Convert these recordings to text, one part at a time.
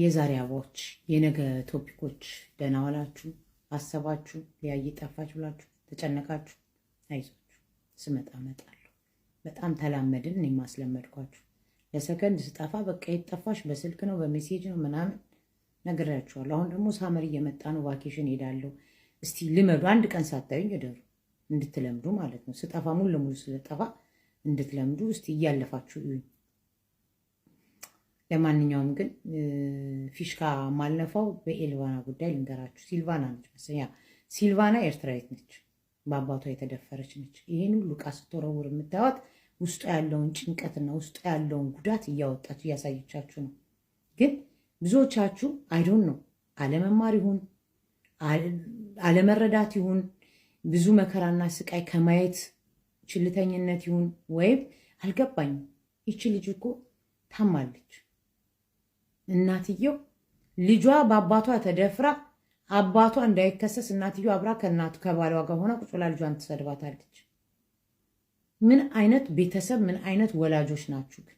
የዛሬ አበባዎች የነገ ቶፒኮች። ደህና ዋላችሁ? አሰባችሁ? ሊያይ ጠፋች ብላችሁ ተጨነቃችሁ? አይዟችሁ፣ ስመጣ እመጣለሁ። በጣም ተላመድን። እኔ ማስለመድኳችሁ። ለሰከንድ ስጠፋ በቃ ጠፋሽ በስልክ ነው በሜሴጅ ነው ምናምን ነግሬያችኋለሁ። አሁን ደግሞ ሳመር እየመጣ ነው፣ ቫኬሽን ሄዳለሁ። እስቲ ልመዱ፣ አንድ ቀን ሳታዩኝ እደሩ፣ እንድትለምዱ ማለት ነው። ስጠፋ ሙሉ ለሙሉ ስለጠፋ እንድትለምዱ እስቲ እያለፋችሁ ለማንኛውም ግን ፊሽካ ማለፈው በኤልቫና ጉዳይ ልንገራችሁ። ሲልቫና ነች መሰለኝ። ሲልቫና ኤርትራዊት ነች፣ በአባቷ የተደፈረች ነች። ይህን ሁሉ ዕቃ ስትወረውር የምታዩት ውስጡ ያለውን ጭንቀትና ውስጡ ያለውን ጉዳት እያወጣችሁ እያሳየቻችሁ ነው። ግን ብዙዎቻችሁ አይዶን ነው አለመማር ይሁን አለመረዳት ይሁን ብዙ መከራና ስቃይ ከማየት ችልተኝነት ይሁን ወይም አልገባኝም፣ ይቺ ልጅ እኮ ታማለች እናትየው ልጇ በአባቷ ተደፍራ አባቷ እንዳይከሰስ እናትየው አብራ ከእናቱ ከባሏ ጋር ሆና ቁጭ ብላ ልጇን ትሰድባታለች። ምን አይነት ቤተሰብ ምን አይነት ወላጆች ናችሁ? ግን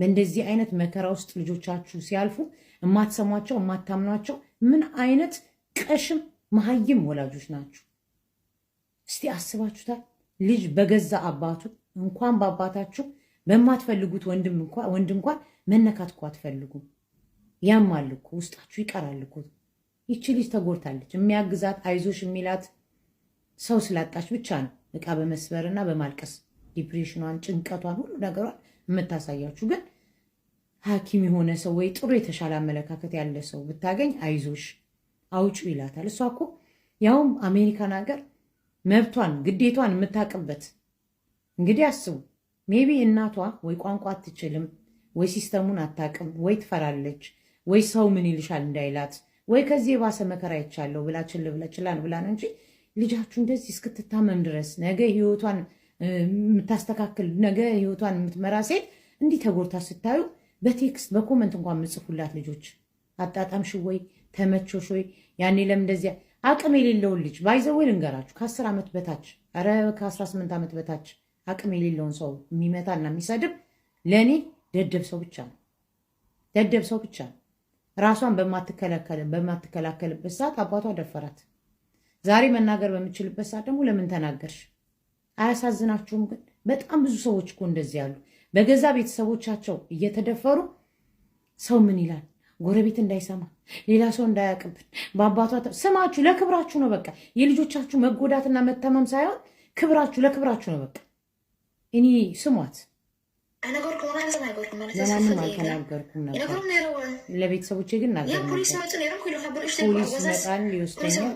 በእንደዚህ አይነት መከራ ውስጥ ልጆቻችሁ ሲያልፉ የማትሰሟቸው እማታምኗቸው ምን አይነት ቀሽም መሀይም ወላጆች ናችሁ? እስቲ አስባችሁታል? ልጅ በገዛ አባቱ እንኳን በአባታችሁ በማትፈልጉት ወንድ እንኳን መነካት እኮ አትፈልጉም። ያማል እኮ ውስጣችሁ ይቀራል እኮ። ይቺ ልጅ ተጎድታለች። የሚያግዛት አይዞሽ የሚላት ሰው ስላጣች ብቻ ነው እቃ በመስበርና በማልቀስ ዲፕሬሽኗን፣ ጭንቀቷን፣ ሁሉ ነገሯን የምታሳያችሁ። ግን ሐኪም የሆነ ሰው ወይ ጥሩ የተሻለ አመለካከት ያለ ሰው ብታገኝ አይዞሽ አውጩ ይላታል። እሷ እኮ ያውም አሜሪካን ሀገር መብቷን ግዴቷን የምታቅበት እንግዲህ አስቡ። ሜቢ እናቷ ወይ ቋንቋ አትችልም፣ ወይ ሲስተሙን አታቅም፣ ወይ ትፈራለች ወይ ሰው ምን ይልሻል እንዳይላት ወይ ከዚህ የባሰ መከራ ይቻለሁ ብላ ችል ችላል ብላ ነው እንጂ ልጃችሁ እንደዚህ እስክትታመም ድረስ ነገ ህይወቷን የምታስተካክል ነገ ህይወቷን የምትመራ ሴት እንዲህ ተጎድታ ስታዩ በቴክስት በኮመንት እንኳን ምጽፉላት ልጆች አጣጣምሽ ወይ ተመቾሽ ወይ ያኔ ለምን እንደዚያ አቅም የሌለውን ልጅ ባይዘዌ ልንገራችሁ 1 ዓመት በታች ኧረ ከአስራ ዓመት በታች አቅም የሌለውን ሰው የሚመታና የሚሰድብ ለእኔ ደደብ ሰው ብቻ ነው። ደደብ ሰው ብቻ ነው። ራሷን በማትከለከል በማትከላከልበት ሰዓት አባቷ ደፈራት። ዛሬ መናገር በምችልበት ሰዓት ደግሞ ለምን ተናገርሽ? አያሳዝናችሁም? ግን በጣም ብዙ ሰዎች እኮ እንደዚህ ያሉ በገዛ ቤተሰቦቻቸው እየተደፈሩ ሰው ምን ይላል፣ ጎረቤት እንዳይሰማ፣ ሌላ ሰው እንዳያቅብን፣ በአባቷ ስማችሁ ለክብራችሁ ነው። በቃ የልጆቻችሁ መጎዳትና መተመም ሳይሆን ክብራችሁ ለክብራችሁ ነው። በቃ እኔ ስሟት ለቤተሰቦቼ ግን ይመጣል ሊወስደኝ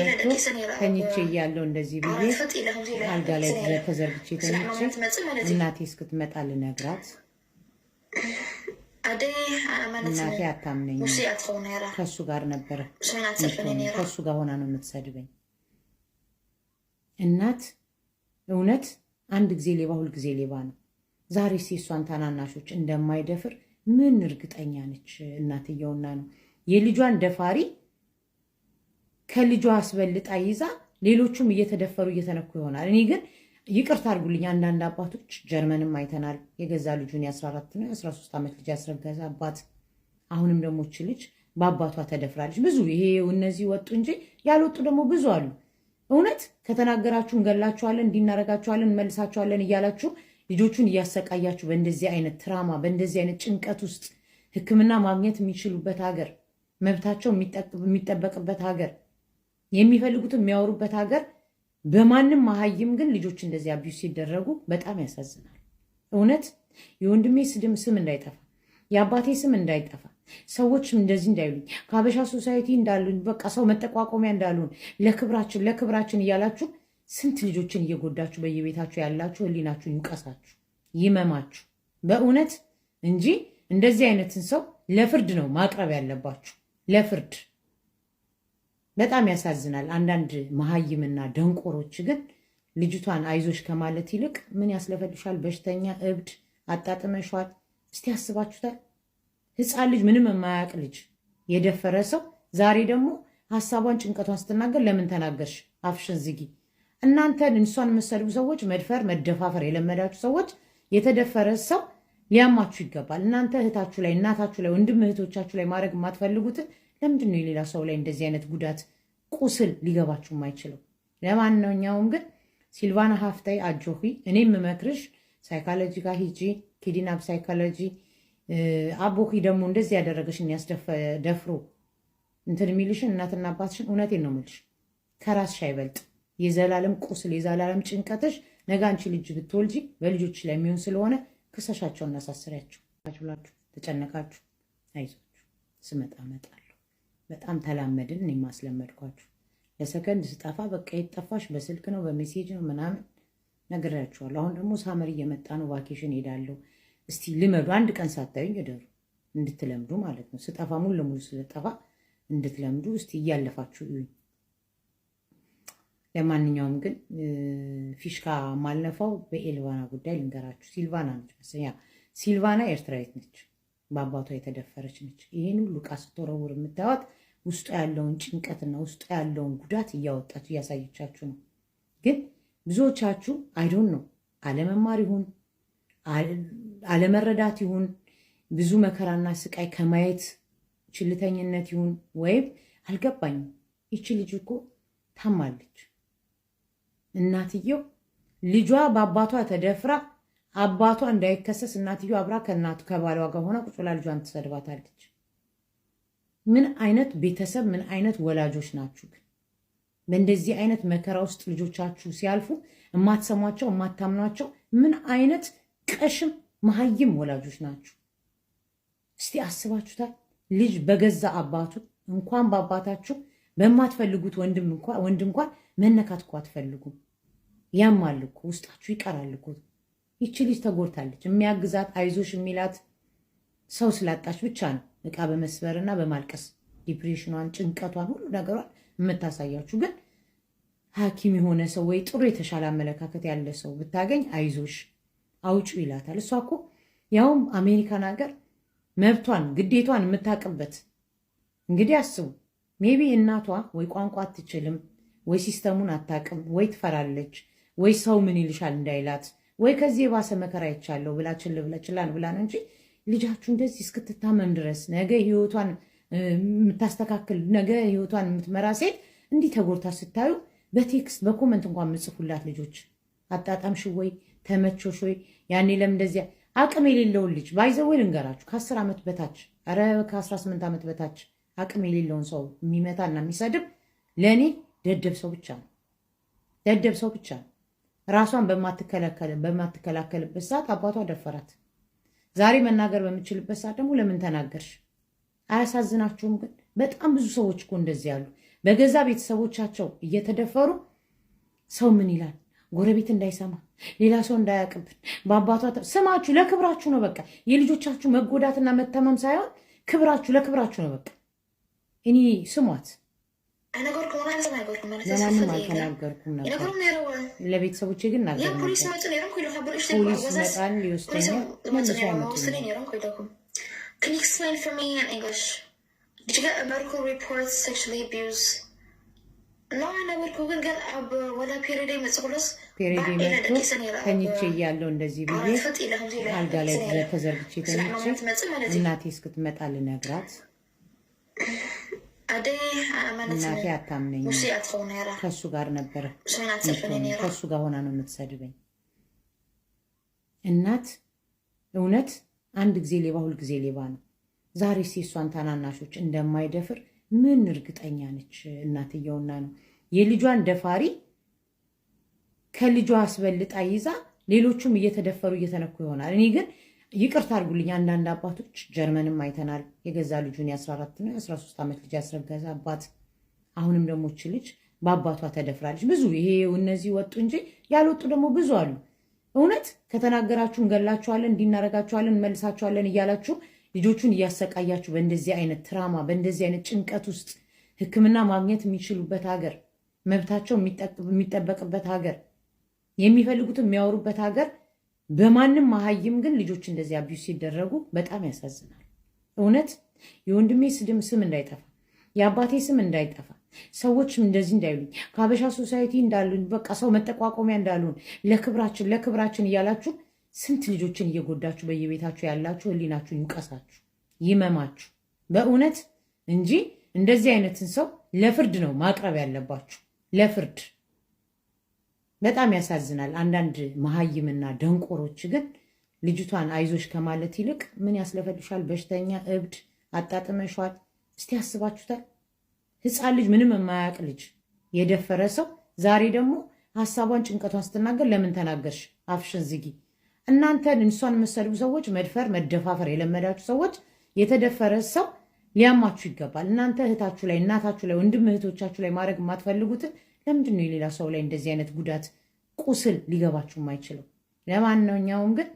uh, ተኝቼ እያለሁ እንደዚህ ብዬ አልጋ ላይ ተዘርግቼ ተኝቼ እናቴ እስክትመጣ ልነግራት እናቴ አታምነኝ ከእሱ ጋር ነበረ ከእሱ ጋር ሆና ነው የምትሰድበኝ። እናት እውነት አንድ ጊዜ ሌባ ሁል ጊዜ ሌባ ነው። ዛሬ ሴሷን ታናናሾች እንደማይደፍር ምን እርግጠኛ ነች እናትየውና ነው የልጇን ደፋሪ ከልጇ አስበልጣ ይዛ ሌሎቹም እየተደፈሩ እየተነኩ ይሆናል። እኔ ግን ይቅርታ አድርጉልኝ። አንዳንድ አባቶች ጀርመንም አይተናል። የገዛ ልጁን የ14 ነው የ13 ዓመት ልጅ ያስረገዘ አባት። አሁንም ደግሞ እች ልጅ በአባቷ ተደፍራለች። ብዙ ይሄ እነዚህ ወጡ እንጂ ያልወጡ ደግሞ ብዙ አሉ። እውነት ከተናገራችሁ እንገላችኋለን፣ እንዲናረጋችኋለን፣ እንመልሳችኋለን እያላችሁ ልጆቹን እያሰቃያችሁ በእንደዚህ አይነት ትራማ በእንደዚህ አይነት ጭንቀት ውስጥ ሕክምና ማግኘት የሚችሉበት ሀገር፣ መብታቸው የሚጠበቅበት ሀገር፣ የሚፈልጉትን የሚያወሩበት ሀገር በማንም መሀይም ግን ልጆች እንደዚህ አቢዩ ሲደረጉ በጣም ያሳዝናል። እውነት የወንድሜ ስድም ስም እንዳይጠፋ የአባቴ ስም እንዳይጠፋ ሰዎች እንደዚህ እንዳይሉኝ ከሀበሻ ሶሳይቲ እንዳሉ በቃ ሰው መጠቋቋሚያ እንዳሉን ለክብራችን ለክብራችን እያላችሁ ስንት ልጆችን እየጎዳችሁ በየቤታችሁ ያላችሁ ሕሊናችሁ ይውቀሳችሁ ይመማችሁ በእውነት እንጂ እንደዚህ አይነትን ሰው ለፍርድ ነው ማቅረብ ያለባችሁ ለፍርድ በጣም ያሳዝናል። አንዳንድ መሀይምና ደንቆሮች ግን ልጅቷን አይዞሽ ከማለት ይልቅ ምን ያስለፈልሻል፣ በሽተኛ እብድ አጣጥመሿል። እስቲ ያስባችሁታል? ህፃን ልጅ ምንም የማያውቅ ልጅ የደፈረ ሰው ዛሬ ደግሞ ሀሳቧን ጭንቀቷን ስትናገር ለምን ተናገርሽ፣ አፍሽን ዝጊ። እናንተን እንሷን የምትሰድቡ ሰዎች፣ መድፈር መደፋፈር የለመዳችሁ ሰዎች የተደፈረ ሰው ሊያማችሁ ይገባል። እናንተ እህታችሁ ላይ እናታችሁ ላይ ወንድም እህቶቻችሁ ላይ ማድረግ የማትፈልጉትን ለምንድን ነው የሌላ ሰው ላይ እንደዚህ አይነት ጉዳት ቁስል ሊገባችሁ የማይችለው? ለማንኛውም ግን ሲልቫና ሀፍታይ አጆሂ እኔ የምመክርሽ ሳይካሎጂ ጋር ሂጂ። ኪዲናፕ ሳይካሎጂ አቦሂ ደግሞ እንደዚህ ያደረገሽን ያስደፍሮ እንትን የሚልሽን እናትና አባትሽን እውነቴን ነው የምልሽ ከራስሽ አይበልጥ። የዘላለም ቁስል የዘላለም ጭንቀትሽ ነገ አንቺ ልጅ ብትወልጂ በልጆች ላይ የሚሆን ስለሆነ ክሰሻቸው፣ እናሳስሪያቸው ብላችሁ ተጨነቃችሁ። አይዞች ስመጣ መጣ በጣም ተላመድን። እኔ ማስለመድኳችሁ ለሰከንድ ስጠፋ በቃ የጠፋሽ በስልክ ነው በሜሴጅ ነው ምናምን ነግሬያችኋለሁ። አሁን ደግሞ ሳመር እየመጣ ነው፣ ቫኬሽን ሄዳለሁ። እስቲ ልመዱ፣ አንድ ቀን ሳታዩኝ እደሩ፣ እንድትለምዱ ማለት ነው። ስጠፋ ሙሉ ለሙሉ ስለጠፋ እንድትለምዱ እስቲ እያለፋችሁ እዩኝ። ለማንኛውም ግን ፊሽካ ማልነፋው በኤልቫና ጉዳይ ልንገራችሁ። ሲልቫና ነች መሰለኝ፣ ሲልቫና ኤርትራዊት ነች፣ በአባቷ የተደፈረች ነች። ይህን ሁሉ ዕቃ ስትወረውር የምታዩት ውስጡ ያለውን ጭንቀትና ውስጡ ያለውን ጉዳት እያወጣችሁ እያሳየቻችሁ ነው። ግን ብዙዎቻችሁ አይዶን ነው አለመማር ይሁን አለመረዳት ይሁን ብዙ መከራና ስቃይ ከማየት ችልተኝነት ይሁን ወይም አልገባኝም። ይቺ ልጅ እኮ ታማለች። እናትየው ልጇ በአባቷ ተደፍራ አባቷ እንዳይከሰስ እናትየው አብራ ከእናቱ ከባለዋ ጋር ሆና ቁጭላ ልጇን ትሰድባታለች። ምን አይነት ቤተሰብ ምን አይነት ወላጆች ናችሁ? ግን በእንደዚህ አይነት መከራ ውስጥ ልጆቻችሁ ሲያልፉ የማትሰሟቸው የማታምኗቸው ምን አይነት ቀሽም መሀይም ወላጆች ናችሁ? እስቲ አስባችሁታል? ልጅ በገዛ አባቱ እንኳን በአባታችሁ በማትፈልጉት ወንድ እንኳን መነካት እኮ አትፈልጉም። ያማል እኮ ውስጣችሁ ይቀራል እኮ። ይቺ ልጅ ተጎድታለች። የሚያግዛት አይዞሽ የሚላት ሰው ስላጣች ብቻ ነው እቃ በመስበርና በማልቀስ ዲፕሬሽኗን፣ ጭንቀቷን፣ ሁሉ ነገሯን የምታሳያችሁ። ግን ሐኪም የሆነ ሰው ወይ ጥሩ የተሻለ አመለካከት ያለ ሰው ብታገኝ አይዞሽ አውጩ ይላታል። እሷ እኮ ያውም አሜሪካን ሀገር መብቷን ግዴቷን የምታውቅበት እንግዲህ አስቡ። ሜቢ እናቷ ወይ ቋንቋ አትችልም፣ ወይ ሲስተሙን አታውቅም፣ ወይ ትፈራለች፣ ወይ ሰው ምን ይልሻል እንዳይላት፣ ወይ ከዚህ የባሰ መከራ ይቻለው ብላ ችል ብላ ብላ ነው እንጂ ልጃችሁ እንደዚህ እስክትታመም ድረስ ነገ ህይወቷን የምታስተካክል ነገ ህይወቷን የምትመራ ሴት እንዲህ ተጎድታ ስታዩ በቴክስት በኮመንት እንኳን ምጽፉላት ልጆች አጣጣምሽ ወይ ተመቾሽ ወይ ያኔ ለምን እንደዚያ አቅም የሌለውን ልጅ ባይዘወይ ልንገራችሁ ከአስር ዓመት በታች ኧረ ከአስራ ስምንት ዓመት በታች አቅም የሌለውን ሰው የሚመታና የሚሰድብ ለእኔ ደደብ ሰው ብቻ ነው። ደደብ ሰው ብቻ ነው። ራሷን በማትከላከልበት ሰዓት አባቷ ደፈራት። ዛሬ መናገር በምችልበት ሰዓት ደግሞ ለምን ተናገርሽ? አያሳዝናችሁም? ግን በጣም ብዙ ሰዎች እኮ እንደዚህ ያሉ በገዛ ቤተሰቦቻቸው እየተደፈሩ ሰው ምን ይላል፣ ጎረቤት እንዳይሰማ፣ ሌላ ሰው እንዳያቅብን፣ በአባቷ ስማችሁ ለክብራችሁ ነው። በቃ የልጆቻችሁ መጎዳትና መተማም ሳይሆን ክብራችሁ ለክብራችሁ ነው። በቃ እኔ ስሟት ለማንም አልተናገርኩም ነበር። ለቤተሰቦቼ ግን ፖሊስ መጣን ሊወስደኛል መልሶ ፔሬዴ መጥቶ ተኝቼ እያለሁ እንደዚህ ብዬ አልጋ ላይ ተዘርግቼ ተኝቼ እናቴ እስክትመጣ ልነግራት እናቴ አታምነኝ። ከእሱ ጋር ነበረ ከእሱ ጋር ሆና ነው የምትሰድበኝ። እናት እውነት አንድ ጊዜ ሌባ ሁልጊዜ ሌባ ነው። ዛሬ ሴሷን ታናናሾች እንደማይደፍር ምን እርግጠኛ ነች? እናትየውና ነው የልጇን ደፋሪ ከልጇ አስበልጣ ይዛ ሌሎቹም እየተደፈሩ እየተነኩ ይሆናል። እኔ ግን ይቅርታ አድርጉልኝ። አንዳንድ አባቶች ጀርመንም አይተናል። የገዛ ልጁን የ14 ነው የ13 ዓመት ልጅ ያስረገዘ አባት። አሁንም ደግሞ እች ልጅ በአባቷ ተደፍራለች። ብዙ ይሄ እነዚህ ወጡ እንጂ ያልወጡ ደግሞ ብዙ አሉ። እውነት ከተናገራችሁ እንገላችኋለን፣ እንዲናረጋችኋለን፣ እንመልሳችኋለን እያላችሁ ልጆቹን እያሰቃያችሁ በእንደዚህ አይነት ትራማ በእንደዚህ አይነት ጭንቀት ውስጥ ሕክምና ማግኘት የሚችሉበት ሀገር፣ መብታቸው የሚጠበቅበት ሀገር፣ የሚፈልጉት የሚያወሩበት ሀገር በማንም መሀይም ግን ልጆች እንደዚህ አቢዩ ሲደረጉ በጣም ያሳዝናል። እውነት የወንድሜ ስድም ስም እንዳይጠፋ የአባቴ ስም እንዳይጠፋ ሰዎችም እንደዚህ እንዳይሉኝ ከሀበሻ ሶሳይቲ እንዳሉን በቃ ሰው መጠቋቋሚያ እንዳሉን ለክብራችን ለክብራችን እያላችሁ ስንት ልጆችን እየጎዳችሁ በየቤታችሁ ያላችሁ ህሊናችሁ ይውቀሳችሁ ይመማችሁ በእውነት እንጂ እንደዚህ አይነትን ሰው ለፍርድ ነው ማቅረብ ያለባችሁ ለፍርድ በጣም ያሳዝናል። አንዳንድ መሀይምና ደንቆሮች ግን ልጅቷን አይዞሽ ከማለት ይልቅ ምን ያስለፈልሻል፣ በሽተኛ እብድ አጣጥመሸዋል። እስቲ ያስባችሁታል? ህፃን ልጅ ምንም የማያውቅ ልጅ የደፈረ ሰው ዛሬ ደግሞ ሀሳቧን ጭንቀቷን ስትናገር ለምን ተናገርሽ? አፍሽን ዝጊ። እናንተ እንሷን የመሰሉ ሰዎች፣ መድፈር መደፋፈር የለመዳችሁ ሰዎች የተደፈረ ሰው ሊያማችሁ ይገባል። እናንተ እህታችሁ ላይ እናታችሁ ላይ ወንድም እህቶቻችሁ ላይ ማድረግ የማትፈልጉትን ለምንድን ነው የሌላ ሰው ላይ እንደዚህ አይነት ጉዳት ቁስል ሊገባችሁ የማይችለው? ለማንኛውም ግን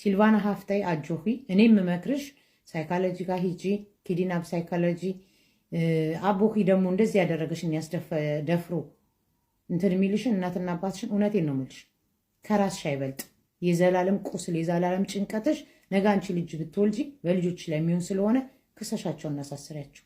ሲልቫና ሀፍታይ አጆሂ እኔ የምመክርሽ ሳይኮሎጂ ጋር ሂጂ። ኪዲን ሳይኮሎጂ። ሳይካሎጂ አቦሂ ደግሞ እንደዚህ ያደረገሽን ያስደፍሮ እንትን የሚልሽን እናትና አባትሽን እውነቴን ነው የምልሽ ከራስሽ አይበልጥ። የዘላለም ቁስል የዘላለም ጭንቀትሽ ነገ አንቺ ልጅ ብትወልጂ በልጆች ላይ የሚሆን ስለሆነ ክሰሻቸውን እናሳስሪያቸው።